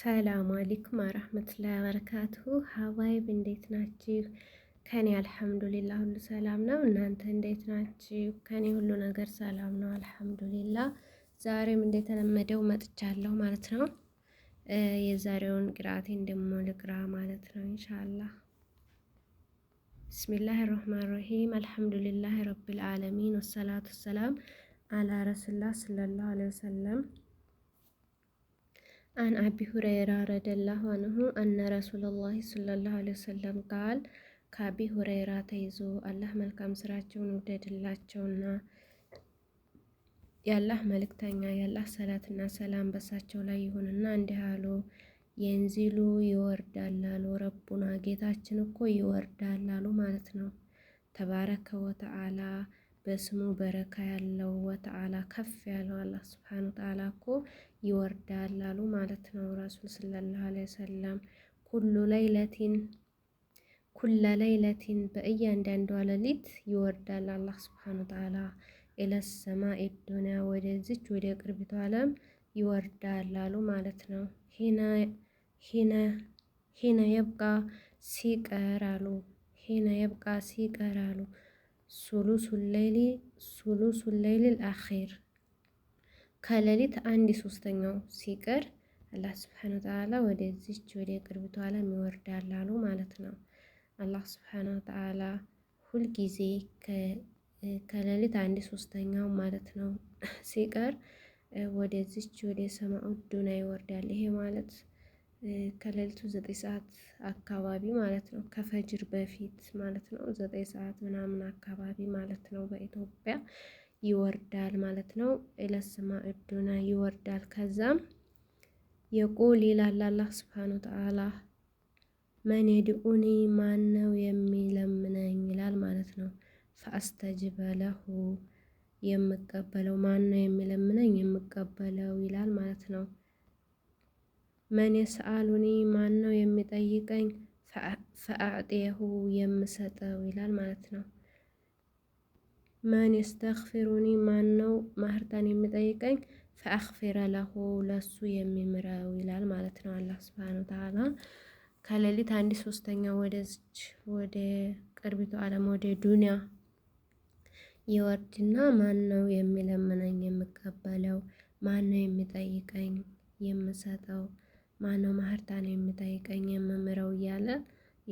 ሰላም አለይኩም ወራህመቱላሂ ወበረካቱሁ። ሀባይብ እንዴት ናችሁ? ከኔ አልሐምዱሊላ ሁሉ ሰላም ነው። እናንተ እንዴት ናችሁ? ከኔ ሁሉ ነገር ሰላም ነው አልሐምዱሊላ። ዛሬም እንደተለመደው መጥቻለሁ ማለት ነው። የዛሬውን ቅራቴን ደግሞ ልቅራ ማለት ነው ኢንሻአላህ። ብስሚላህ ረህማን ራሂም አልሐምዱሊላህ ረብል ዓለሚን ወሰላቱ ሰላም አላ ረሱላ ሰለላሁ ዐለይሂ ወሰለም አን አቢ ሁረይራ ረደላሁ አንሁ አነ ረሱሉላሂ ሰለላሁ ዐለይሂ ወሰለም ቃል ከአቢ ሁረይራ ተይዞ አላህ መልካም ስራቸውን ውደድላቸውና የአላህ መልእክተኛ የአላህ ሰላትና ሰላም በሳቸው ላይ ይሁንና እንዲህ አሉ። የንዚሉ ይወርዳል አሉ ረቡና ጌታችን እኮ ይወርዳል አሉ ማለት ነው። ተባረከ ወተዓላ በስሙ በረካ ያለው ወተዓላ ከፍ ያለው አላህ ስብሓን ወተዓላ እኮ ይወርዳል አሉ ማለት ነው። ረሱል ሰለላሁ ዐለይሂ ወሰለም ኩሉ ለይለቲን ኩለ ለይለቲን በእያንዳንዷ ሌሊት ይወርዳል አላህ ሱብሓነሁ ወተዓላ ኢለሰማ ኢዱንያ ወደዚች ወደ ቅርቢቱ ዓለም ይወርዳል አሉ ማለት ነው። ሂነ የብቃ ሲቀር አሉ ሂነ የብቃ ሲቀር አሉ ሱሉሱል ለይሊ ሱሉሱል ለይሊል አኺር ከሌሊት አንድ ሶስተኛው ሲቀር አላህ ስብሓን ወተዓላ ወደዚች ወደ ቅርቢቱ ዓለም ይወርዳል አሉ ማለት ነው። አላህ ስብሓን ወተዓላ ሁልጊዜ ከሌሊት አንድ ሶስተኛው ማለት ነው ሲቀር ወደዚች ወደ ሰማኡ ዱና ይወርዳል። ይሄ ማለት ከሌሊቱ ዘጠኝ ሰዓት አካባቢ ማለት ነው፣ ከፈጅር በፊት ማለት ነው። ዘጠኝ ሰዓት ምናምን አካባቢ ማለት ነው በኢትዮጵያ ይወርዳል ማለት ነው። ኢለስማ እዱና ይወርዳል። ከዛም የቁል ይላል አላህ ስብሓን ወተዓላ መን የድኡኒ ማን ነው የሚለምነኝ ይላል ማለት ነው። ፈአስተጅበ ለሁ የምቀበለው ማን ነው የሚለምነኝ የምቀበለው ይላል ማለት ነው። መን የስአሉኒ ማን ነው የሚጠይቀኝ ፈአዕጤሁ የምሰጠው ይላል ማለት ነው። ማን የስተክፊሩኒ ማን ነው ማህርታን የሚጠይቀኝ? ፈአክፊረ ለሁ ለሱ የሚምረው ይላል ማለት ነው። አላህ ስብሃነ ወተዓላ ከሌሊት አንድ ሶስተኛ ወደዝች ወደ ቅርቢቱ ዓለም ወደ ዱንያ የወርድና ማን ነው የሚለምነኝ የምቀበለው? ማን ነው የሚጠይቀኝ የምሰጠው? ማን ነው ማህርታን የሚጠይቀኝ የምምረው? እያለ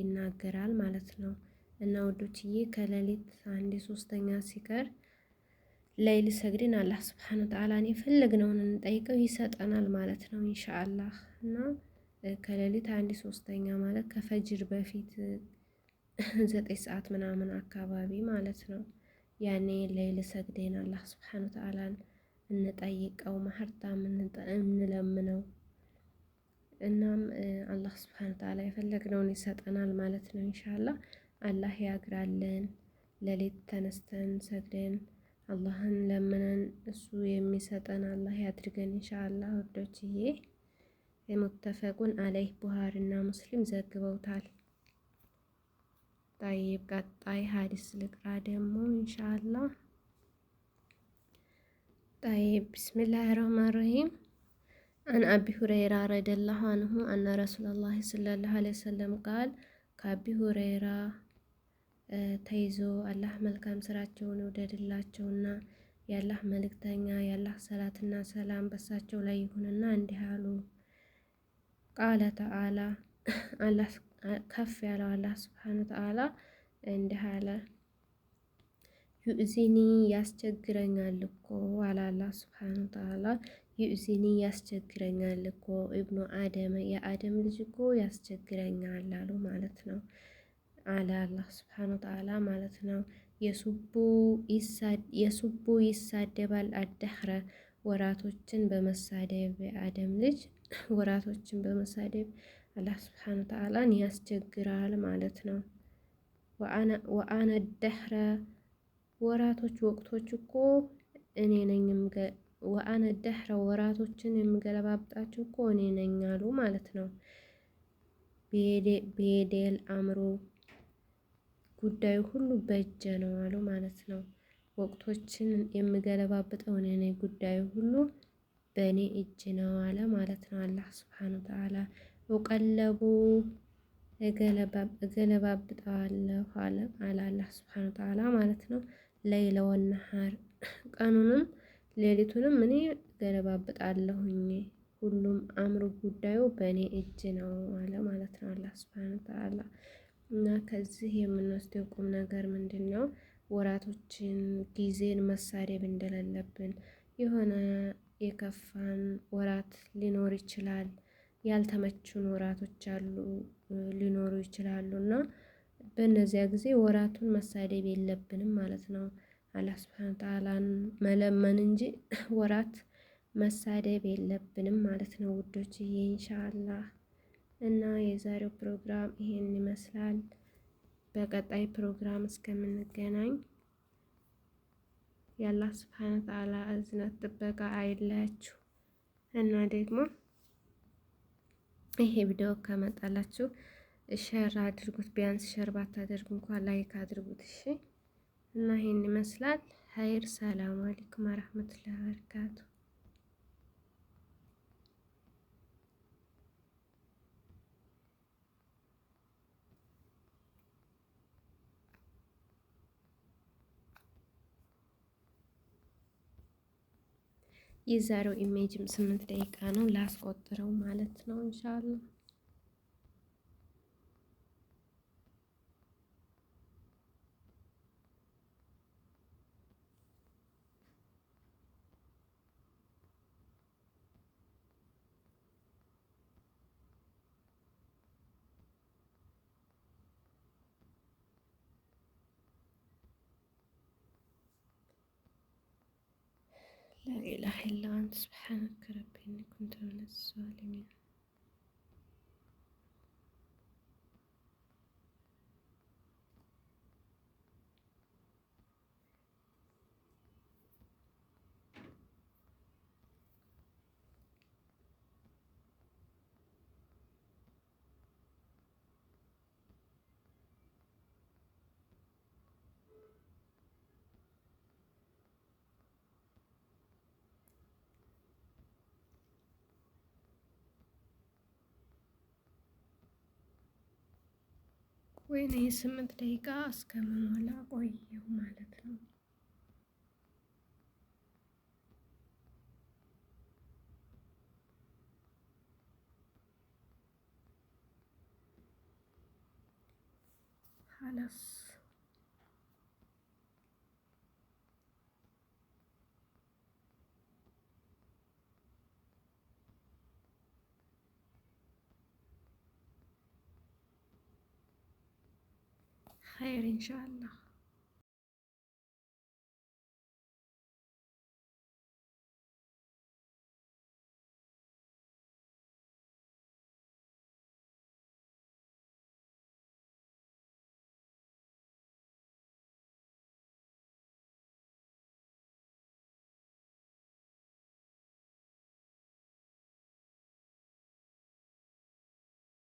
ይናገራል ማለት ነው። እና ወዶችዬ ከሌሊት አንድ ሶስተኛ ሲቀር ለይል ሰግድን አላህ ስብሐነ ወተዓላ የፈለግነውን እንጠይቀው ይሰጠናል ማለት ነው ኢንሻአላህ። እና ከሌሊት አንድ ሶስተኛ ማለት ከፈጅር በፊት ዘጠኝ ሰዓት ምናምን አካባቢ ማለት ነው። ያኔ ለይል ሰግደን አላህ ስብሐነ ወተዓላን እንጠይቀው ማህርታም እንለምነው። እናም አላህ ስብሐነ ወተዓላ የፈለግነውን ይሰጠናል ማለት ነው ኢንሻአላህ። አላህ ያግራለን ሌሊት ተነስተን ሰግደን አላህን ለምነን እሱ የሚሰጠን አላህ ያድርገን ኢንሻአላህ። ወዶችዬ የሙተፈቁን አለይህ ቡሃሪ ሙስሊም ዘግበውታል። ጠይብ ቀጣይ ሀዲስ ልቅራ ደግሞ ኢንሻአላህ። ጠይብ ብስሚላህ ረህማን ረሂም አን አቢ ሁረይራ ረዲየላሁ አንሁ አነ ረሱላላህ ሰለላሁ ዐለይሂ ወሰለም ቃል ከአቢ ሁረይራ ተይዞ አላህ መልካም ስራቸውን ይውደድላቸውና የአላህ መልእክተኛ የአላህ ሰላትና ሰላም በሳቸው ላይ ይሁንና እንዲህ አሉ። ቃለ ተዓላ ከፍ ያለው አላህ ስብሓን ተዓላ እንዲህ አለ። ዩእዚኒ ያስቸግረኛል እኮ አለ አላህ ስብሓን ተዓላ ዩእዚኒ ያስቸግረኛል እኮ ኢብኑ አደም የአደም ልጅ እኮ ያስቸግረኛል አሉ ማለት ነው። አለ አላህ ስብሓን ወተዓላ ማለት ነው። የሱቡ ይሳደባል አደህረ ወራቶችን በመሳደብ የአደም ልጅ ወራቶችን በመሳደብ አላህ ስብሓን ወተዓላን ያስቸግራል ማለት ነው። ወአነ ደህረ ወራቶች ወቅቶች እኮ እኔ ነኝ። ወአነ ደህረ ወራቶችን የምገለባብጣቸው እኮ እኔ ነኝ አሉ ማለት ነው። ቤዴል አእምሮ ጉዳዩ ሁሉ በእጄ ነው አሉ ማለት ነው። ወቅቶችን የምገለባብጠው እኔ ነኝ ጉዳዩ ሁሉ በእኔ እጅ ነው አለ ማለት ነው። አላህ ሱብሃነሁ ወተዓላ እቀለቡ እገለባብጠዋለሁ አለ አላህ ሱብሃነሁ ወተዓላ ማለት ነው። ለይለ ወነሃር ቀኑንም ሌሊቱንም እኔ ገለባብጣለሁኝ ሁሉም አእምሮ ጉዳዩ በእኔ እጅ ነው አለ ማለት ነው። አላህ ሱብሃነሁ ወተዓላ እና ከዚህ የምንወስደው ቁም ነገር ምንድን ነው? ወራቶችን ጊዜን መሳደብ እንደሌለብን የሆነ የከፋን ወራት ሊኖር ይችላል። ያልተመቹን ወራቶች አሉ ሊኖሩ ይችላሉ እና በእነዚያ ጊዜ ወራቱን መሳደብ የለብንም ማለት ነው። አላህ ሱብሃነሁ ወተዓላን መለመን እንጂ ወራት መሳደብ የለብንም ማለት ነው። ይሄ ኢንሻአላህ እና የዛሬው ፕሮግራም ይሄን ይመስላል። በቀጣይ ፕሮግራም እስከምንገናኝ የአላህ ስብሐነ ተዓላ እዝነት ጥበቃ አይለያችሁ። እና ደግሞ ይሄ ቪዲዮ ከመጣላችሁ ሸር አድርጉት። ቢያንስ ሸር ባታደርጉ እንኳን ላይክ አድርጉት። እሺ እና ይሄን ይመስላል። ሀይር ሰላም አለይኩም ወረሕመቱላሂ ወበረካቱ የዛሬው ኢሜጅም ስምንት ደቂቃ ነው ላስቆጥረው ማለት ነው። እንሻላ لا إله إلا أنت سبحانك ربي إني كنت من الظالمين ወይኔ ስምንት ደቂቃ እስከምሞላ ቆየው ማለት ነው። ሀላስ خير إن شاء الله.